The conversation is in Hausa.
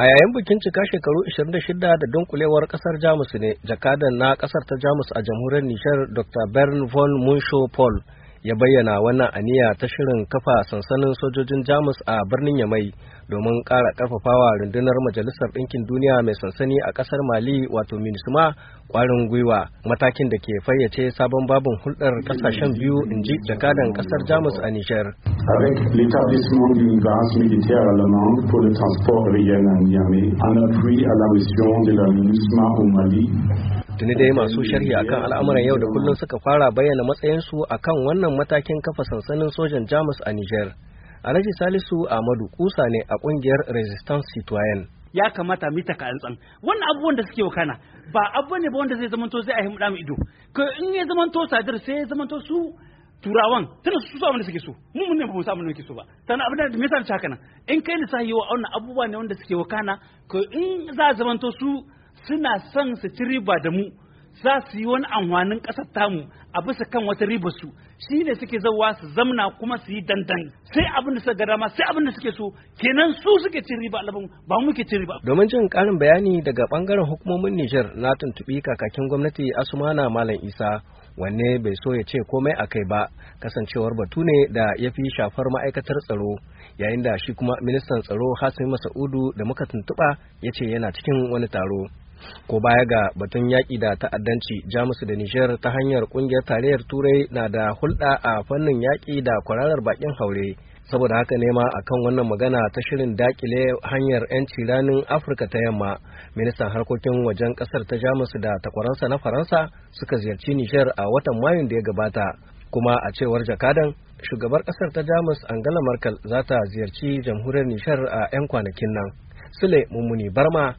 a yayin bikin cika shekaru 26 da dunkulewar kasar jamus ne jakadan na kasar ta jamus a jamhuriyar nishar dr bern von munsho ya bayyana wannan aniya ta shirin kafa sansanin sojojin jamus a birnin yamai domin ƙara ƙarfafawa rundunar majalisar ɗinkin duniya mai sansani a ƙasar mali wato minisma ƙwarin gwiwa matakin da ke fayyace sabon babin hulɗar ƙasashen biyu in ji jakadan ƙasar jamus a nijar A tuni dai masu sharhi akan al'amuran yau da kullum suka fara bayyana matsayinsu akan wannan matakin kafa sansanin sojan jamus a niger alhaji salisu ahmadu kusa ne a kungiyar resistance citoyen ya kamata mita ka antsan wannan abubuwan da suke wakana ba abubuwan ne ba wanda zai zamanto zai ahimu mu ido ka in ya zamanto sadar sai ya zamanto su turawan tana su samu da suke so mu mun ne ba mu samu da so ba sannan abin da me yasa haka nan in kai lissahi wa wannan abubuwa ne wanda suke wakana ka in za zamanto su suna son su ci riba da mu za su yi wani amfanin ƙasar tamu a bisa kan wata riba su shi ne suke zauwa su zamna kuma su yi dandan sai abin da suka ga dama sai abin da suke so kenan su suke ci riba alabin ba muke ci riba domin jin ƙarin bayani daga bangaren hukumomin Nijar na tuntuɓi kakakin gwamnati Asumana Malam Isa wanne bai so ya ce komai a kai ba kasancewar batu ne da ya fi shafar ma'aikatar tsaro yayin da shi kuma ministan tsaro Hassan Masa'udu da muka tuntuɓa ya ce yana cikin wani taro ko baya ga batun yaƙi da ta'addanci jamus da nijar ta hanyar ƙungiyar tarayyar turai na da hulɗa a fannin yaƙi da kwararar bakin haure saboda haka nema a kan wannan magana ta shirin dakile hanyar 'yanci ranin afirka ta yamma ministan harkokin wajen ƙasar ta jamus da takwaransa na faransa suka ziyarci nijar a watan mayun da ya gabata kuma a cewar jakadan shugabar ƙasar ta jamus angela merkel za ta ziyarci jamhuriyar nijar a 'yan kwanakin nan sule mummuni barma